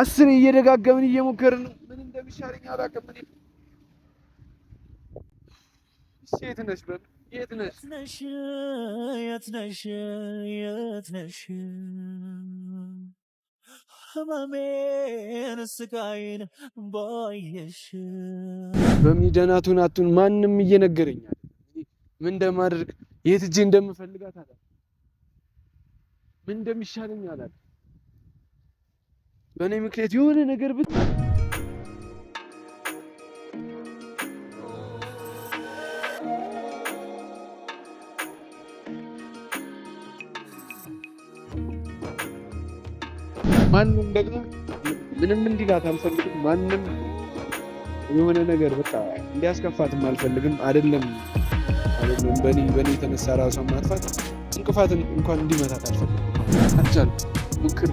አስር እየደጋገምን እየሞከርን ምን እንደሚሻለኝ አላውቅም። እኔ የት ነሽ? የት ነሽ? የት ነሽ? የት ነሽ? ህመሜን ስቃይን ባየሽ በሚደናቱን አቱን ማንም እየነገረኛል ምን እንደማደርግ የት እጄ እንደምፈልጋት አላውቅም። ምን እንደሚሻለኝ አላውቅም። በእኔ ምክንያት የሆነ ነገር ብት ማንም ደግሞ ምንም እንዲላት አልፈልግም። ማንም የሆነ ነገር በቃ እንዲያስከፋትም አልፈልግም። አይደለም አይደለም በኔ በኔ የተነሳ ራሷን ማጥፋት እንቅፋት እንኳን እንዲመታት አልፈልግም። አልቻልኩም። ሞክሬ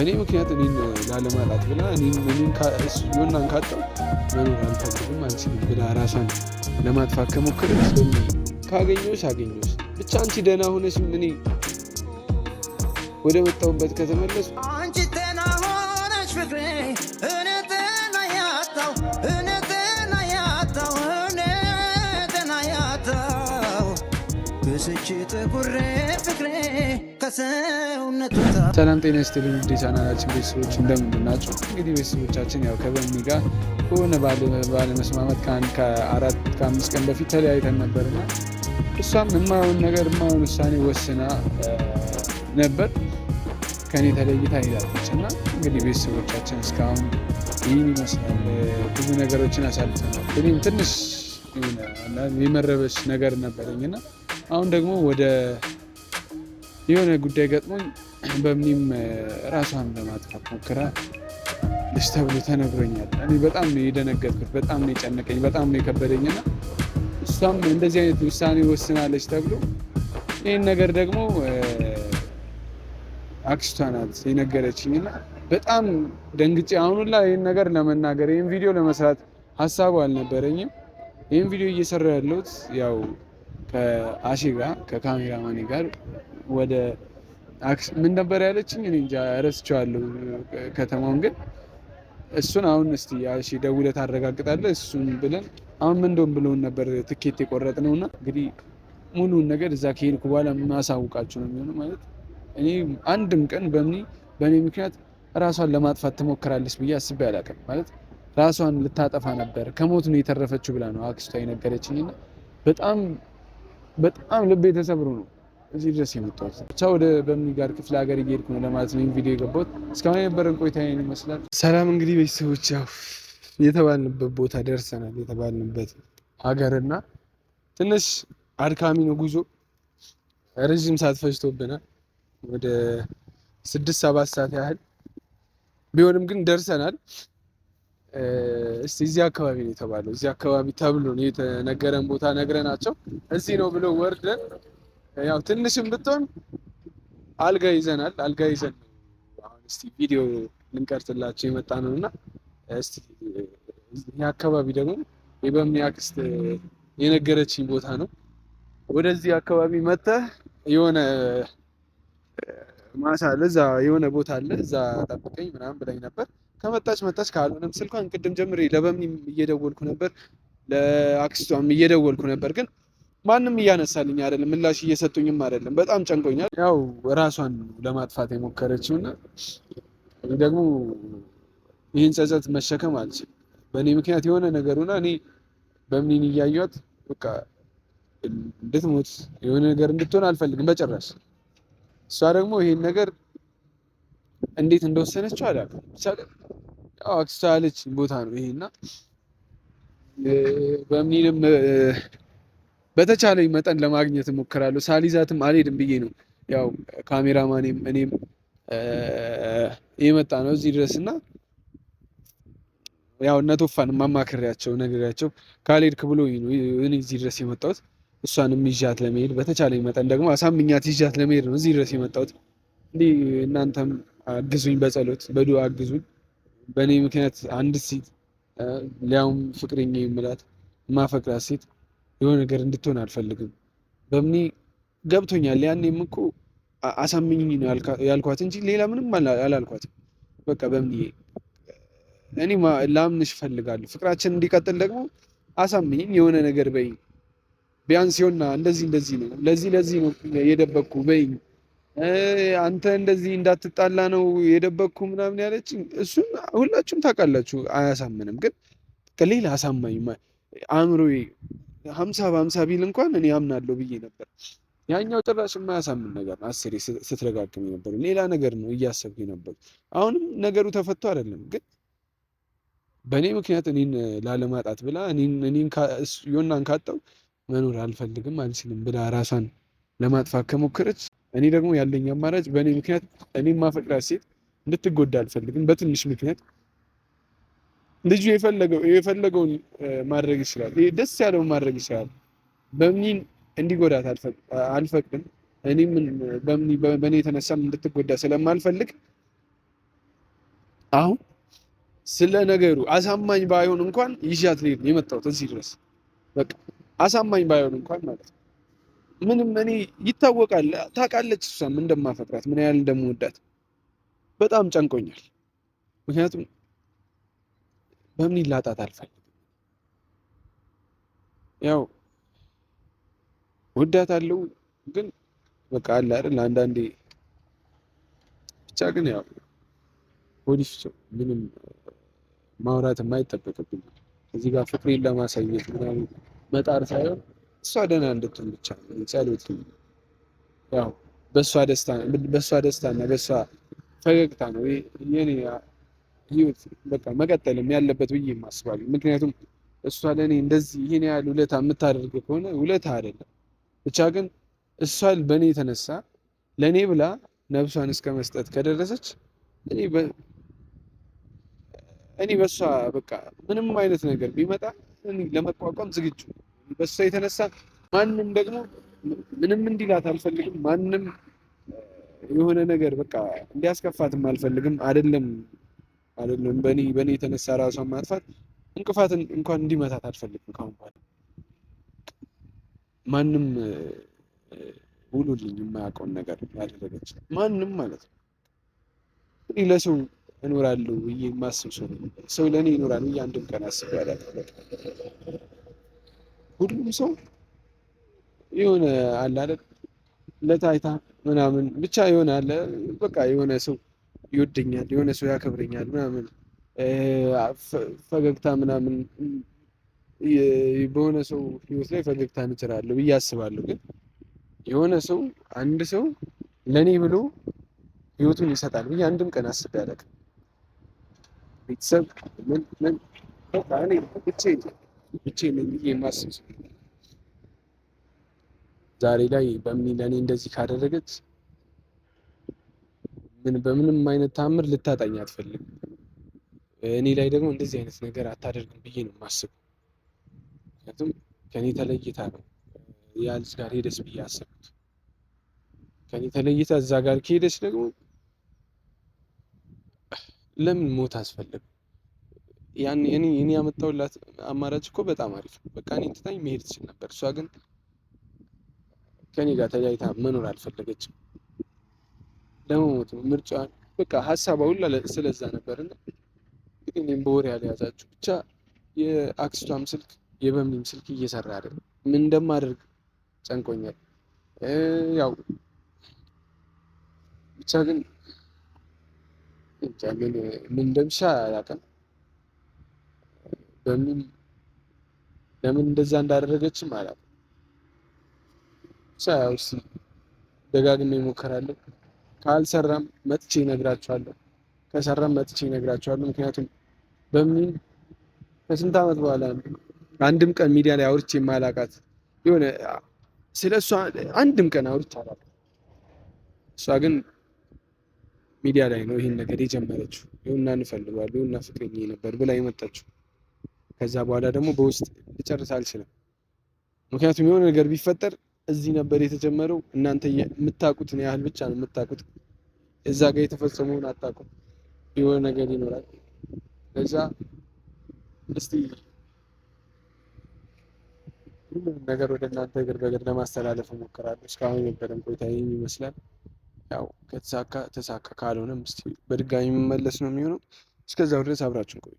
በእኔ ምክንያት እኔን ላለማጣት ብላ ዮናን ካጣው መኖር አልፈልግም አንቺ ብላ ራሷን ለማጥፋት ከሞከረች ካገኘሁሽ አገኘሁሽ ብቻ አንቺ ደህና ሆነሽ እኔ ወደ መጣሁበት ከተመለሱ ብስጭት ጉሬ ፍቅሬ ሰላም ጤና ይስጥልኝ ውድ የቻናላችን ቤተሰቦች እንደምንድን ናቸው? እንግዲህ ቤተሰቦቻችን ያው ከበሚ ጋር በሆነ ባለመስማማት ከአንድ ከአራት ከአምስት ቀን በፊት ተለያይተን ነበርና እሷም የማየውን ነገር የማየውን ውሳኔ ወስና ነበር ከኔ ተለይታ ሄዳለች። እና እንግዲህ ቤተሰቦቻችን እስካሁን ይህን ይመስላል። ብዙ ነገሮችን አሳልፈናል። እኔም ትንሽ የመረበሽ ነገር ነበረኝ እና አሁን ደግሞ ወደ የሆነ ጉዳይ ገጥሞኝ በምኒም ራሷን ለማጥፋት ሞክራ ልጅ ተብሎ ተነግሮኛል። እኔ በጣም ነው የደነገጥኩት፣ በጣም ነው የጨነቀኝ፣ በጣም ነው የከበደኝና እሷም እንደዚህ አይነት ውሳኔ ወስናለች ተብሎ ይህን ነገር ደግሞ አክስቷ ናት የነገረችኝና በጣም ደንግጬ አሁኑላ ይህን ነገር ለመናገር ይህን ቪዲዮ ለመስራት ሀሳቡ አልነበረኝም። ይህን ቪዲዮ እየሰራ ያለሁት ያው ከአሺ ጋር ከካሜራማኔ ጋር ወደ ምን ነበር ያለችኝ? እኔ እንጃ ረስቼዋለሁ ከተማውን ግን እሱን አሁን እስቲ አሺ ደውለህ ታረጋግጣለህ እሱን ብለን አሁን ምንደም ብለውን ነበር ትኬት የቆረጥ ነውና እንግዲህ ሙሉን ነገር እዛ ከሄድኩ በኋላ የማሳውቃችሁ ነው የሚሆነው። ማለት እኔ አንድም ቀን በምኒ በእኔ ምክንያት ራሷን ለማጥፋት ትሞክራለች ብዬ አስቤ አላውቅም። ማለት ራሷን ልታጠፋ ነበር ከሞት ነው የተረፈችው ብላ ነው አክስቷ የነገረችኝና በጣም በጣም ልቤ ተሰብሮ ነው እዚህ ድረስ የመጣሁት። ብቻ ወደ በሚጋር ክፍለ ሀገር እየሄድኩ ነው ለማለት ነው ቪዲዮ የገባሁት። እስካሁን የነበረን ቆይታ ይሄን ይመስላል። ሰላም እንግዲህ ቤተሰቦች፣ ያው የተባልንበት ቦታ ደርሰናል። የተባልንበት ሀገርና ትንሽ አድካሚ ነው ጉዞ፣ ረዥም ሰዓት ፈጅቶብናል። ወደ ስድስት ሰባት ሰዓት ያህል ቢሆንም ግን ደርሰናል። እስቲ እዚህ አካባቢ ነው የተባለው፣ እዚህ አካባቢ ተብሎ ነው የተነገረን ቦታ ነግረናቸው እዚህ ነው ብለው ወርደን፣ ያው ትንሽም ብትሆን አልጋ ይዘናል። አልጋ ይዘን አሁን እስቲ ቪዲዮ ልንቀርጽላቸው የመጣ ነው እና እስቲ ይህ አካባቢ ደግሞ የበምኒ አክስት የነገረችኝ ቦታ ነው። ወደዚህ አካባቢ መጥተህ የሆነ ማሳ ለዛ የሆነ ቦታ አለ እዛ ጠብቀኝ ምናምን ብላኝ ነበር። ከመጣች መጣች፣ ካልሆነም ስልኳን ቅድም ጀምሬ ለበምኒ እየደወልኩ ነበር፣ ለአክስቷም እየደወልኩ ነበር፣ ግን ማንም እያነሳልኝ አይደለም፣ ምላሽ እየሰጡኝም አይደለም። በጣም ጨንቆኛል። ያው ራሷን ለማጥፋት የሞከረችው እና ደግሞ ይህን ጸጸት መሸከም አልችልም። በእኔ ምክንያት የሆነ ነገሩና እኔ በምኒን እያዩት በቃ እንድትሞት የሆነ ነገር እንድትሆን አልፈልግም በጭራሽ። እሷ ደግሞ ይሄን ነገር እንዴት እንደወሰነችው አላውቅም። ብቻ ያው አክስቷ ያለች ቦታ ነው ይሄና በምንም በተቻለኝ መጠን ለማግኘት እሞክራለሁ። ሳሊዛትም አልሄድም ብዬ ነው ያው ካሜራማኔም እኔም የመጣ ነው እዚህ ድረስ እና ያው እነ ቶፋን ማማከሪያቸው ነገሪያቸው ካልሄድክ ብሎ ነው እኔ እዚህ ድረስ የመጣሁት። እሷንም ይዣት ለመሄድ በተቻለኝ መጠን ደግሞ አሳምኛት ይዣት ለመሄድ ነው እዚህ ድረስ የመጣሁት። እንዲህ እናንተም አግዙኝ፣ በጸሎት በዱ አግዙኝ። በእኔ ምክንያት አንድ ሴት ሊያውም ፍቅረኛ የምላት ማፈቅራት ሴት የሆነ ነገር እንድትሆን አልፈልግም። በምኔ ገብቶኛል። ያኔም እኮ አሳምኝኝ ነው ያልኳት እንጂ ሌላ ምንም አላልኳትም። በቃ በምኔ እኔ ላምንሽ እፈልጋለሁ። ፍቅራችን እንዲቀጥል ደግሞ አሳምኝኝ የሆነ ነገር በይ ቢያንስ እንደዚህ እንደዚህ ነው ለዚህ ለዚህ ነው የደበቅኩ በይኝ አንተ እንደዚህ እንዳትጣላ ነው የደበቅኩ ምናምን ያለች እሱን ሁላችሁም ታውቃላችሁ። አያሳምንም፣ ግን ሌላ አሳማኝ አእምሮዬ ሀምሳ በሀምሳ ቢል እንኳን እኔ አምናለሁ ብዬ ነበር። ያኛው ጭራሽ የማያሳምን ነገር አስሬ ስትረጋግም ነበር። ሌላ ነገር ነው እያሰብኩ ነበር። አሁንም ነገሩ ተፈቶ አይደለም፣ ግን በእኔ ምክንያት እኔን ላለማጣት ብላ እኔን ዮናን ካጣው መኖር አልፈልግም አልችልም ብላ ራሷን ለማጥፋት ከሞከረች፣ እኔ ደግሞ ያለኝ አማራጭ በእኔ ምክንያት እኔ ማፈቅራት ሴት እንድትጎዳ አልፈልግም። በትንሽ ምክንያት ልጁ የፈለገውን ማድረግ ይችላል፣ ደስ ያለውን ማድረግ ይችላል። በምኒን እንዲጎዳት አልፈቅድም። እኔም በእኔ የተነሳም እንድትጎዳ ስለማልፈልግ አሁን ስለ ነገሩ አሳማኝ ባይሆን እንኳን ይዣት ልሄድ ነው የመጣሁት እዚህ ድረስ በቃ አሳማኝ ባይሆን እንኳን ማለት ነው። ምንም እኔ ይታወቃል፣ ታውቃለች እሷም እንደማፈቅራት ምን ያህል እንደምወዳት በጣም ጨንቆኛል። ምክንያቱም በምን ይላጣት አልፈልግም። ያው አለው ግን በቃ አለ አይደል አንዳንዴ ብቻ ግን ያው ፖሊስ ምንም ማውራት የማይጠበቅብኝ እዚህ ጋር ፍቅሬን ለማሳየት ምናምን መጣር ሳይሆን እሷ ደህና እንድትሆን ብቻ ጸሎት ያው በእሷ ደስታ በእሷ እና በእሷ ፈገግታ ነው የኔ ህይወት በቃ መቀጠልም ያለበት ብዬ የማስባለሁ። ምክንያቱም እሷ ለእኔ እንደዚህ ይህን ያህል ውለታ የምታደርግ ከሆነ ውለታ አይደለም ብቻ ግን እሷ በእኔ የተነሳ ለእኔ ብላ ነብሷን እስከ መስጠት ከደረሰች እኔ በእሷ በቃ ምንም አይነት ነገር ቢመጣ ለመቋቋም ዝግጁ በእሷ የተነሳ ማንም ደግሞ ምንም እንዲላት አልፈልግም። ማንም የሆነ ነገር በቃ እንዲያስከፋትም አልፈልግም። አይደለም አይደለም በእኔ በእኔ የተነሳ ራሷን ማጥፋት እንቅፋት እንኳን እንዲመታት አልፈልግም። ካሁን በኋላ ማንም ውሉልኝ የማያውቀውን ነገር ያደረገች ማንም ማለት ነው። እኔ ለሰው እኖራለሁ ብዬ የማስብ ሰው ሰው ለእኔ ይኖራል ብዬ አንድም ቀን አስቤ አላውቅም። ሁሉም ሰው የሆነ አለ አይደል ለታይታ ምናምን ብቻ የሆነ አለ በቃ የሆነ ሰው ይወደኛል፣ የሆነ ሰው ያከብረኛል ምናምን ፈገግታ ምናምን በሆነ ሰው ህይወት ላይ ፈገግታ እንችላለሁ ብዬ አስባለሁ። ግን የሆነ ሰው አንድ ሰው ለእኔ ብሎ ህይወቱን ይሰጣል ብዬ አንድም ቀን አስቤ አላውቅም። ቤተሰብ ምን ምን እኔ ብቻዬን ብቻዬን ነኝ ብዬ የማስብ ሰው ዛሬ ላይ በምን እኔ እንደዚህ ካደረገች ምን በምንም አይነት ታምር ልታጣኝ አትፈልግም። እኔ ላይ ደግሞ እንደዚህ አይነት ነገር አታደርግም ብዬ ነው የማስበው። ምክንያቱም ከእኔ ተለይታ ነው ያ ልጅ ጋር ሄደስ ብዬ አሰብኩት። ከእኔ ተለይታ እዛ ጋር ከሄደች ደግሞ ለምን ሞት አስፈለገው? ያን እኔ እኔ ያመጣሁላት አማራጭ እኮ በጣም አሪፍ ነው። በቃ እኔ ትታኝ መሄድ ትችል ነበር። እሷ ግን ከኔ ጋር ተያይታ መኖር አልፈለገችም። ለመሞት ነው ምርጫ። በቃ ሀሳቧ ሁላ ስለዛ ነበር። እና እንግዲህ እኔም በወሬ ያልያዛችሁ ብቻ የአክስቷም ስልክ የበምኒም ስልክ እየሰራ አይደለም። ምን እንደማደርግ ጨንቆኛል። ያው ብቻ ግን ምን እንደምሻ አላውቅም። በምን ለምን እንደዛ እንዳደረገችም አላውቅም። ያው እስኪ ደጋግሜ እሞክራለሁ። ካልሰራም መጥቼ እነግራችኋለሁ። ከሰራም መጥቼ እነግራችኋለሁ። ምክንያቱም በምን ከስንት ዓመት በኋላ አንድም ቀን ሚዲያ ላይ አውርቼ የማላውቃት የሆነ ስለ እሷ አንድም ቀን አውርቼ አላውቅም። እሷ ግን ሚዲያ ላይ ነው ይህን ነገር የጀመረችው። ይሁና እንፈልጓል ይሁና ፍቅረኛ ነበር ብላ የመጣችው። ከዛ በኋላ ደግሞ በውስጥ ልጨርስ አልችልም። ምክንያቱም የሆነ ነገር ቢፈጠር እዚህ ነበር የተጀመረው። እናንተ የምታውቁትን ያህል ብቻ ነው የምታውቁት። እዛ ጋር የተፈጸመውን አታውቁም። የሆነ ነገር ይኖራል። ለዛ እስቲ ሁሉንም ነገር ወደ እናንተ እግር በእግር ለማስተላለፍ እሞክራለሁ። እስካሁን የነበረን ቆይታ ይህን ይመስላል። ያው ከተሳካ ተሳካ፣ ካልሆነም እስቲ በድጋሚ የምመለስ ነው የሚሆነው። እስከዛው ድረስ አብራችን ቆዩ።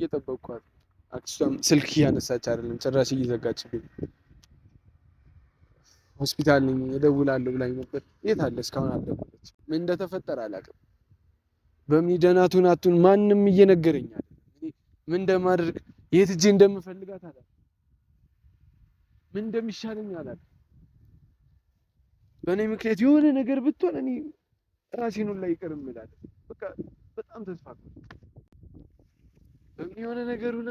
እየጠበቅኳት አክስቷም ስልክ እያነሳች አይደለም፣ ጭራሽ እየዘጋችብኝ። ሆስፒታል ነኝ እደውላለሁ ብላኝ ነበር። የት አለ? እስካሁን አልደወለች። ምን እንደተፈጠረ አላውቅም። በሚደናቱን አቱን ማንም እየነገረኝ ምን እንደማደርግ የት እጄ እንደምፈልጋት አላውቅም። ምን እንደሚሻለኝ አላውቅም። በእኔ ምክንያት የሆነ ነገር ብትሆን እኔ ራሴን ላይ ይቅር እምላለሁ። በቃ በጣም ተስፋ የሆነ ነገር ሁና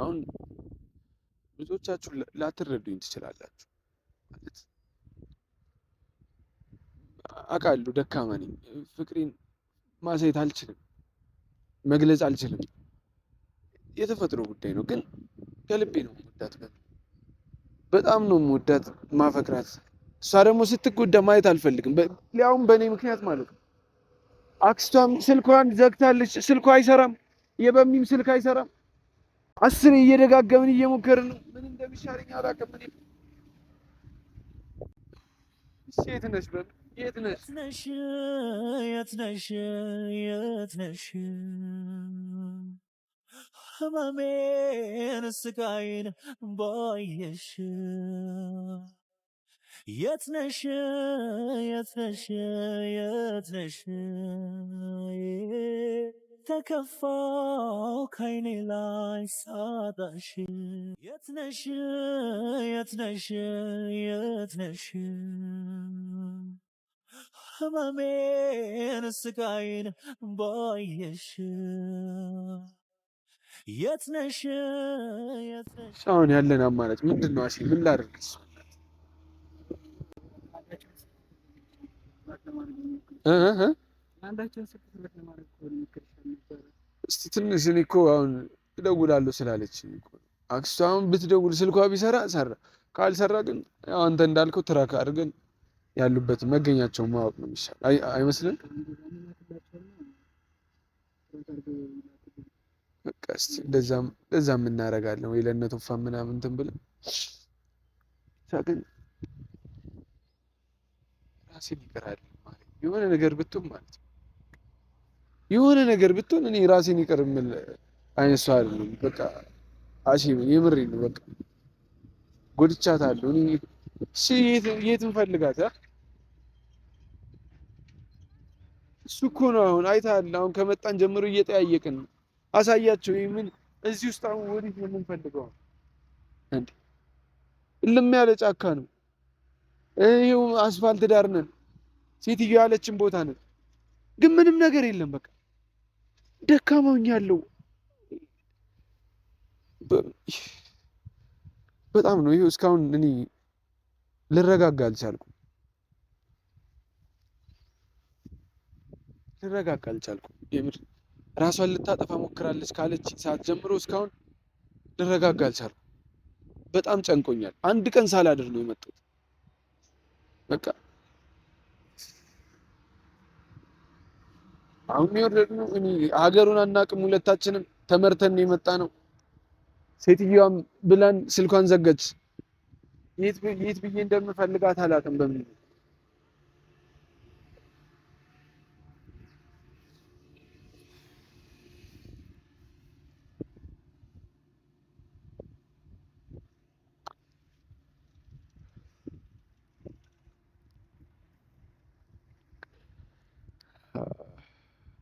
አሁን ብዙዎቻችሁ ላትረዱኝ ትችላላችሁ። ማለት አውቃለሁ ደካማ ነኝ። ፍቅሬን ማሳየት አልችልም፣ መግለጽ አልችልም። የተፈጥሮ ጉዳይ ነው። ግን ከልቤ ነው የምወዳት። በጣም ነው የምወዳት፣ ማፈቅራት። እሷ ደግሞ ስትጎዳ ማየት አልፈልግም፣ ሊያውም በእኔ ምክንያት ማለት ነው። አክስቷም ስልኳን ዘግታለች። ስልኳ አይሰራም፣ የበሚም ስልክ አይሰራም። አስሬ እየደጋገምን እየሞከርን ነው። ምን እንደሚሻለኝ አላውቅም። ምን የት ነሽ በሚል የት ነሽ የት ነሽ ህመሜን ስቃይን ባየሽ የትነሽ የትነሽ የትነሽ ተከፋው ከይኔ ላይ ሳጣሽ የትነሽ የትነሽ የትነሽ ህመሜን ስቃይን ባየሽ የትነሽ አሁን ያለን አማራጭ ምንድን ነው? አሴ ምን ላድርግ? እስቲ ትንሽ እኔ እኮ አሁን እደውላለሁ ስላለች አክስቷ አሁን ብትደውል ስልኳ ቢሰራ ሰራ፣ ካልሰራ ግን ያው አንተ እንዳልከው ትራክ አድርገን ያሉበት መገኛቸው ማወቅ ነው የሚሻል አይመስልም? በቃ እስቲ እንደዛም እናደርጋለን ወይ ለእነ ቶፋ ምናምን እንትን ብለን ግን ራሴን ይቅራል የሆነ ነገር ብትሆን ማለት ነው የሆነ ነገር ብትሆን እኔ ራሴን ይቅር የምል አይነት ሰው አይደለም። በቃ አሺ የምሬ ነው። በቃ ጎድቻታለሁ። እኔ እሺ፣ የት እንፈልጋት? እሱ እኮ ነው አሁን አይተሃል። አሁን ከመጣን ጀምሮ እየጠያየቅን ነው። አሳያቸው። ይሄ ምን እዚህ ውስጥ አሁን ወዴት ነው የምንፈልገው? እንዴ እልም ያለ ጫካ ነው። ይሄው አስፋልት ዳር ነን። ሴትዮ ያለችን ቦታ ነን፣ ግን ምንም ነገር የለም። በቃ ደካማኝ ያለው በጣም ነው። ይሄ እስካሁን እኔ ልረጋጋ አልቻልኩም፣ ልረጋጋ አልቻልኩም። የምር ራሷን ልታጠፋ ሞክራለች ካለች ሰዓት ጀምሮ እስካሁን ልረጋጋ አልቻልኩም። በጣም ጨንቆኛል። አንድ ቀን ሳላድር ነው የመጣሁት በቃ አሁን ይኸው እኔ ሀገሩን አናውቅም ሁለታችንም ተመርተን የመጣ ነው። ሴትዮዋም ብላን ስልኳን ዘጋች። የት ብዬ እንደምፈልጋት አላውቅም በምን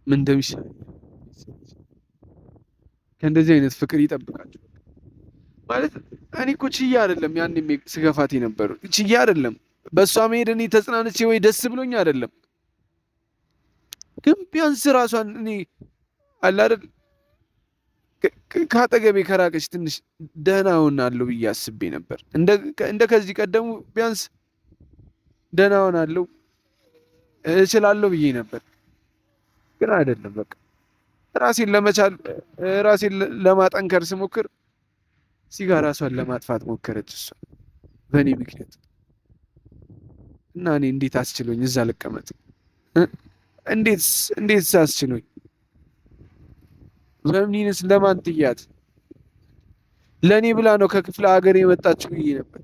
ምን እንደሚሻል ከእንደዚህ አይነት ፍቅር ይጠብቃቸው። ማለት እኔ እኮ ችዬ አይደለም ያን ስገፋት ነበሩ ችዬ አይደለም በእሷ መሄድ እኔ ተጽናንቼ ወይ ደስ ብሎኝ አይደለም። ግን ቢያንስ ራሷን እኔ አላደል ከአጠገቤ ከራቀች ትንሽ ደህና ሆናለሁ ብዬ አስቤ ነበር። እንደ ከዚህ ቀደሙ ቢያንስ ደህና ሆናለሁ እችላለሁ ብዬ ነበር። ግን አይደለም። በቃ ራሴን ለመቻል ራሴን ለማጠንከር ስሞክር ሲጋ ራሷን ለማጥፋት ሞከረች እሷ በእኔ ምክንያት እና እኔ እንዴት አስችሎኝ እዛ ልቀመጥ? እንዴት እንዴት አስችሎኝ? በምኒንስ ለማን ጥያት? ለእኔ ብላ ነው ከክፍለ ሀገር የመጣችው ብዬ ነበር።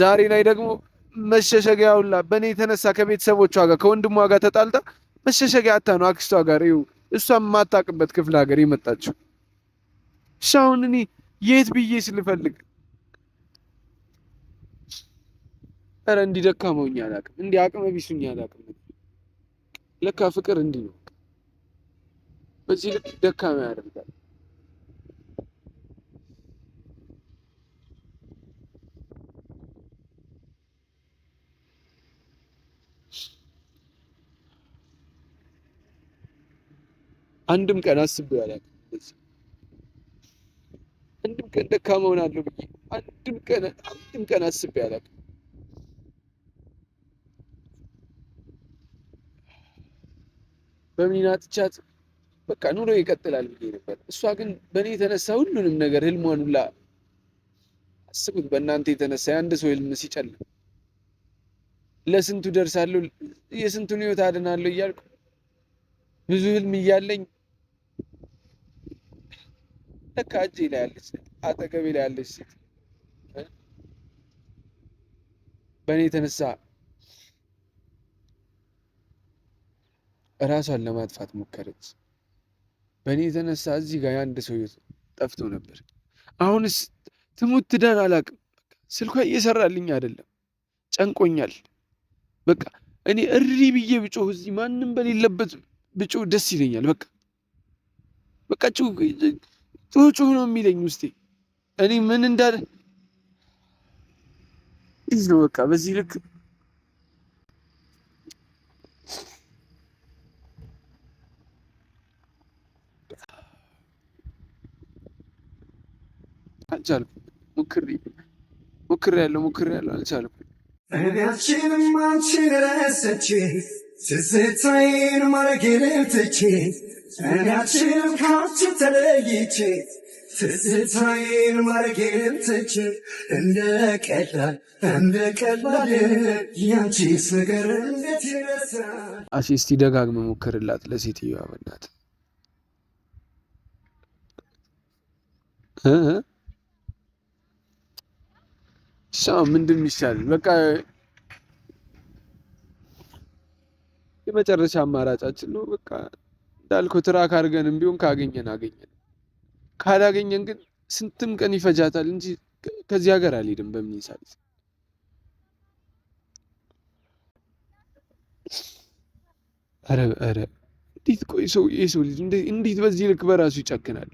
ዛሬ ላይ ደግሞ መሸሸጊያ ሁላ በእኔ የተነሳ ከቤተሰቦቿ ጋር ከወንድሟ ጋር ተጣልታ መሸሸጊያ አታ ነው አክስቷ ጋር ይኸው እሷ የማታውቅበት ክፍለ ሀገር የመጣችው። እሺ እኔ የት ብዬ ስልፈልግ ኧረ እንዲህ ደካመውኝ አላውቅም፣ እንዲህ አቅመ ቢሱኝ አላውቅም። ለካ ፍቅር እንዲህ ነው፣ በዚህ ልክ ደካማ ያደርጋል። አንድም ቀን አስቤው አላውቅም። አንድም ቀን ደካማ እሆናለሁ ብዬ አንድም ቀን አንድም ቀን አስቤው አላውቅም። በምኒና ጥቻት በቃ ኑሮ ይቀጥላል ብዬ ነበር። እሷ ግን በእኔ የተነሳ ሁሉንም ነገር ህልሟን ሁላ አስቡት። በእናንተ የተነሳ የአንድ ሰው ህልም ሲጨልም ለስንቱ ደርሳለሁ፣ የስንቱን ህይወት አድናለሁ እያልኩ ብዙ ህልም እያለኝ ለካ እጄ ላይ ያለች አጠገቤ ላይ ያለች ሴት በእኔ የተነሳ እራሷን ለማጥፋት ሞከረች። በእኔ የተነሳ እዚህ ጋር የአንድ ሰው ጠፍቶ ነበር። አሁንስ ትሙት ትዳን አላቅም ስልኳ እየሰራልኝ አይደለም፣ ጨንቆኛል። በቃ እኔ እሪ ብዬ ብጮህ እዚህ ማንም በሌለበት ብጮህ ደስ ይለኛል። በቃ በቃ ጩጩ ነው የሚለኝ ውስጤ። እኔ ምን እንዳለ ይህ ነው በቃ በዚህ ልክ አልቻልኩም። ሙክሬ ሙክሬ ያለው ሙክሬ ያለው አልቻልኩም። እዳችንም አንቺን ረሰች ስስታይን ማረጌ ትቼ እናችንም ካንቺ ተለይቼ ትዝታዬን ማርጌን ትቼ እንደ ቀላል እንደ ቀላል ያንቺስ ነገር እንዴት ይረሳል። እስቲ ደጋግመ ለሴትዮዋ በናት ምንድን ይሻል? በቃ የመጨረሻ አማራጫችን ነው በቃ እንዳልኩ ትራክ አድርገንም ቢሆን ካገኘን አገኘን፣ ካላገኘን ግን ስንትም ቀን ይፈጃታል እንጂ ከዚህ ሀገር አልሄድም በሚል ሳቢት ኧረ ኧረ እንዴት ቆይ ሰው የሰው ልጅ እንዴት በዚህ ልክ በራሱ ይጨክናል?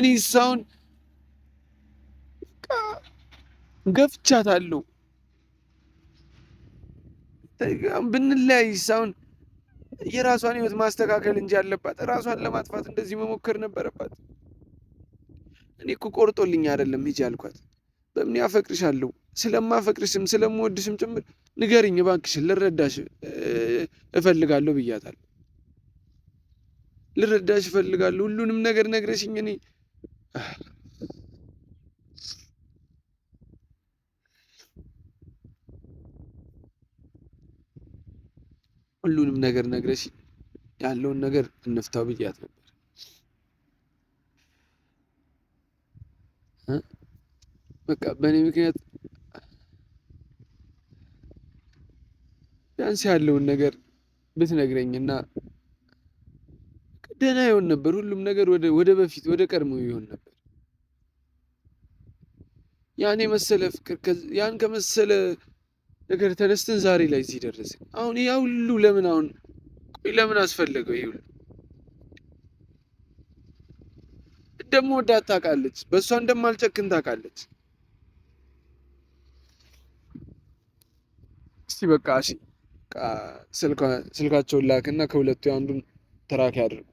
እኔ ሳውን ገፍቻታለሁ። ብንለያይ ሳሁን የራሷን ህይወት ማስተካከል እንጂ አለባት ራሷን ለማጥፋት እንደዚህ መሞከር ነበረባት። እኔ እኮ ቆርጦልኝ አይደለም ሂጂ አልኳት። በምን ያፈቅርሻለሁ ስለማፈቅርሽም ስለምወድሽም ጭምር ንገሪኝ እባክሽን ልረዳሽ እፈልጋለሁ ብያታል። ልረዳሽ እፈልጋለሁ ሁሉንም ነገር ነግረሽኝ እኔ ሁሉንም ነገር ነግረሽ ያለውን ነገር እንፍታው ብያት ነበር። በቃ በእኔ ምክንያት ቢያንስ ያለውን ነገር እና ደህና ይሆን ነበር። ሁሉም ነገር ወደ በፊት ወደ ቀድሞ ይሆን ነበር። ያን የመሰለ ፍቅር ያን ከመሰለ ነገር ተነስተን ዛሬ ላይ እዚህ ደረስን። አሁን ያ ሁሉ ለምን አሁን ቆይ ለምን አስፈለገው? ይሄ ደግሞ ወዳት ታውቃለች፣ በእሷ እንደማልጨክን ታውቃለች። እስቲ በቃ እሺ፣ ስልካቸውን ላክና ከሁለቱ አንዱን ተራኪ ያድርጉ።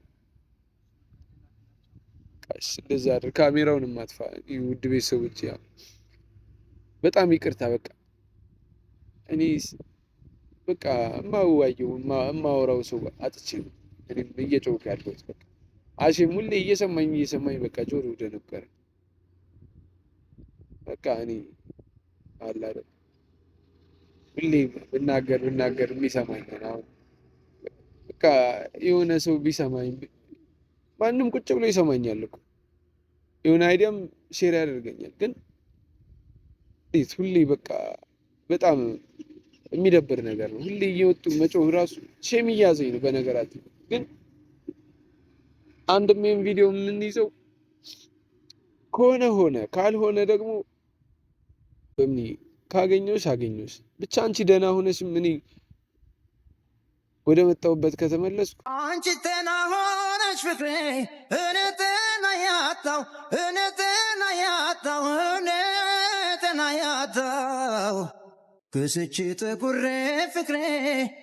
ቀስ አድርግ። ካሜራውን ማጥፋ ውድ ቤተሰቦች፣ ያው በጣም ይቅርታ በቃ እኔ በቃ የማወያየው የማወራው ሰው አጥቼ ነው እኔም እየጮኩ ያለሁት። በቃ አሼም ሁሌ እየሰማኝ እየሰማኝ በቃ ጆሮ ደነገረ። በቃ እኔ አላለ ሁሌ ብናገር ብናገር የሚሰማኝ አሁን በቃ የሆነ ሰው ቢሰማኝ ማንም ቁጭ ብሎ ይሰማኛል እኮ የሆነ አይዲያም ሼር ያደርገኛል። ግን ሁሌ በቃ በጣም የሚደብር ነገር ነው። ሁሌ እየወጡ መጮህ ራሱ ሼም እያዘኝ ነው። በነገራት ግን አንድ ሜም ቪዲዮ የምንይዘው ከሆነ ሆነ፣ ካልሆነ ደግሞ በምን ካገኘሁሽ አገኘሁሽ ብቻ አንቺ ደህና ሆነሽ ምን ወደ መጣሁበት ከተመለስኩ አንቺ ጤና ሆነሽ ፍቅሬ እኔ ጤና ያጣው እኔ ጤና ያጣው እኔ ጤና ያጣው ብስጭት ቁሬ ፍቅሬ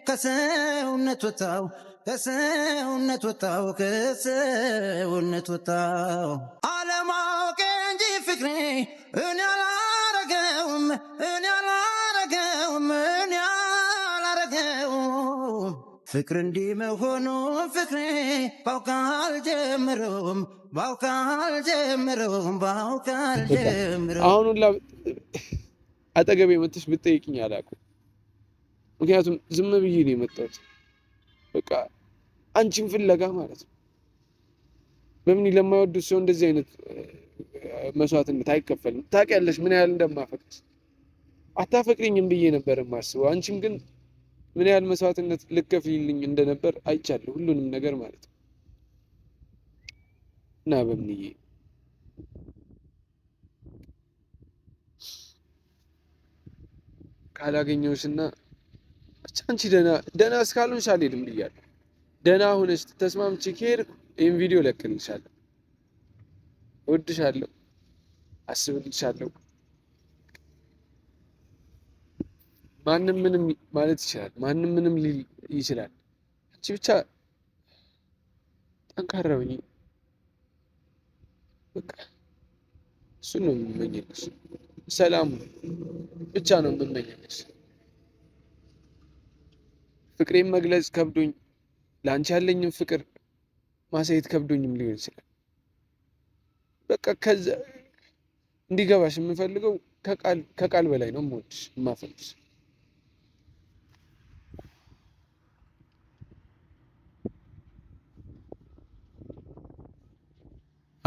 ከሰውነት ወጣው ከሰውነት ወጣው ከሰውነት ወጣው አለማወቅ እንጂ ፍቅሬ እኔ አላረገውም እኔ አላረገውም እኔ አላረገውም ፍቅር እንዲህ መሆኑ ፍቅሬ ባውቃል ጀምረውም ባውቃል ጀምረውም ባውቃል ጀምረውም አሁኑላ አጠገቤ መጥተሽ ብትጠይቅኝ አላውቅም። ምክንያቱም ዝም ብዬ ነው የመጣሁት። በቃ አንቺን ፍለጋ ማለት ነው። በምን ለማይወዱት ሰው እንደዚህ አይነት መስዋዕትነት አይከፈልም። ታውቂያለሽ ምን ያህል እንደማፈቅድ። አታፈቅሪኝም ብዬ ነበር የማስበው። አንቺም ግን ምን ያህል መስዋዕትነት ልከፍልልኝ እንደነበር አይቻለሁ፣ ሁሉንም ነገር ማለት ነው እና በምንዬ ካላገኘሁሽ እና ብቻ አንቺ ደህና ደህና እስካልሆንሽ አልሄድም ብያለሁ። ደህና ሆነሽ ተስማምቼ ከሄድኩ ይህን ቪዲዮ እለቅልሻለሁ። እወድሻለሁ፣ አስብልሻለሁ። ማንም ምንም ማለት ይችላል፣ ማንም ምንም ሊል ይችላል። አንቺ ብቻ ጠንካራ ሁኚ። በቃ እሱን ነው የምመኝልሽ። ሰላም ብቻ ነው የምመኝልሽ። ፍቅሬን መግለጽ ከብዶኝ ለአንቺ ያለኝም ፍቅር ማሳየት ከብዶኝም ሊሆን ይችላል። በቃ ከዛ እንዲገባሽ የምፈልገው ከቃል በላይ ነው የምወድሽ የማፈቅርሽ።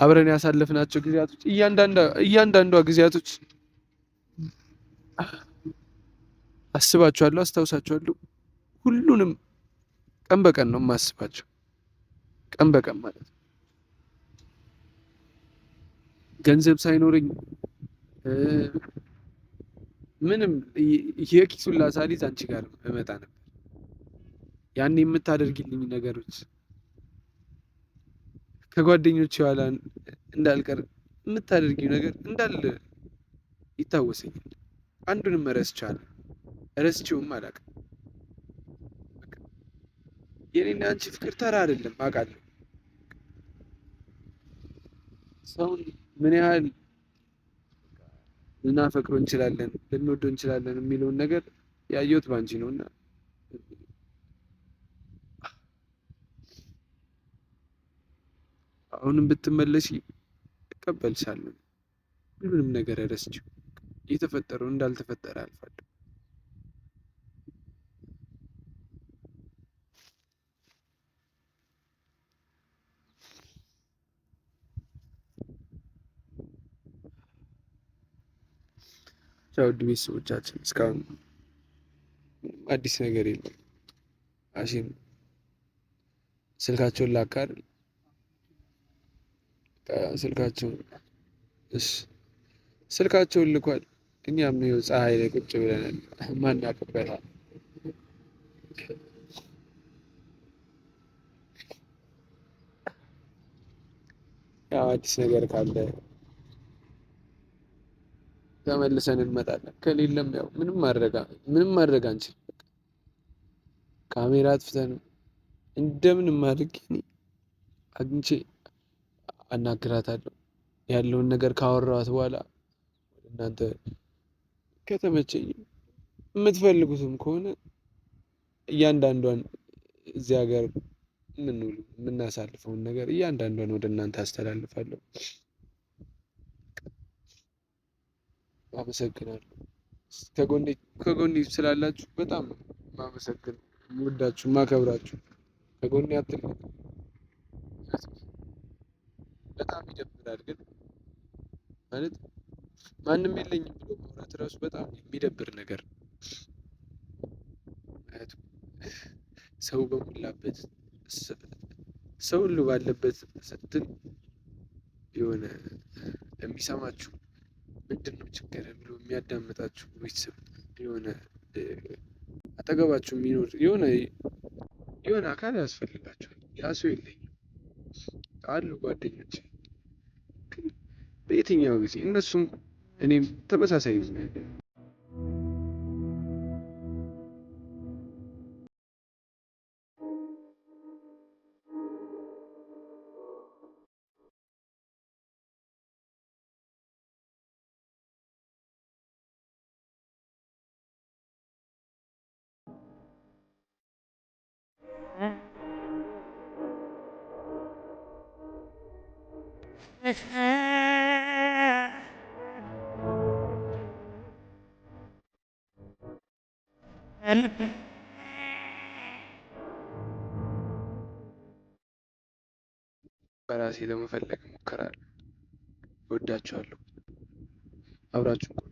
አብረን ያሳለፍናቸው ጊዜያቶች እያንዳንዷ ጊዜያቶች አስባችኋለሁ፣ አስታውሳችኋለሁ። ሁሉንም ቀን በቀን ነው የማስባቸው፣ ቀን በቀን ማለት ነው። ገንዘብ ሳይኖረኝ ምንም የኪሱላ ሳሊዝ አንቺ ጋር እመጣ ነበር። ያን የምታደርግልኝ ነገሮች ከጓደኞች የኋላ እንዳልቀር የምታደርጊው ነገር እንዳለ ይታወሰኛል። አንዱንም እረስቻለሁ። እረስቼውም አላውቅም። የኔና አንቺ ፍቅር ተራ አይደለም አውቃለሁ። ሰውን ምን ያህል ልናፈቅረው እንችላለን፣ ልንወደው እንችላለን የሚለውን ነገር ያየሁት ባንቺ ነው እና አሁንም ብትመለሺ እቀበልሻለሁ። ሁሉንም ነገር እረስቼው የተፈጠረው እንዳልተፈጠረ አልፈልግም። ውድ ቤተሰቦቻችን እስካሁን አዲስ ነገር የለም። አሲም ስልካቸውን ላካል ስልካቸውን ስልካቸውን ልኳል። እኛም ይኸው ፀሐይ ላይ ቁጭ ብለን ማናቅበታል። ያው አዲስ ነገር ካለ ተመልሰን እንመጣለን። ከሌለም ያው ምንም ማድረግ ምንም ማድረግ አንችልም። ካሜራ አጥፍተን እንደምንም ማድረግ አግኝቼ አናግራታለሁ። ያለውን ነገር ካወራት በኋላ እናንተ ከተመቸኝ የምትፈልጉትም ከሆነ እያንዳንዷን እዚህ ሀገር የምንውል የምናሳልፈውን ነገር እያንዳንዷን ወደ እናንተ አስተላልፋለሁ። አመሰግናለሁ። ከጎኔ ስላላችሁ በጣም ማመሰግን ወዳችሁ ማከብራችሁ ከጎኔ አትል በጣም ይደብራል ግን ማለት ማንም የለኝም ብሎ ማውራት ራሱ በጣም የሚደብር ነገር ነው። ሰው በሞላበት ሰው ሁሉ ባለበት ስትል የሆነ የሚሰማችሁ ምንድን ነው ችግር ብሎ የሚያዳምጣችሁ ቤተሰብ የሆነ አጠገባችሁ የሚኖር የሆነ የሆነ አካል ያስፈልጋችኋል። ያ ሰው የለኝም አሉ ጓደኞች፣ በየትኛው ጊዜ እነሱም እኔም ተመሳሳይ ለመፈለግ እሞክራለሁ። እወዳችኋለሁ። አብራችሁን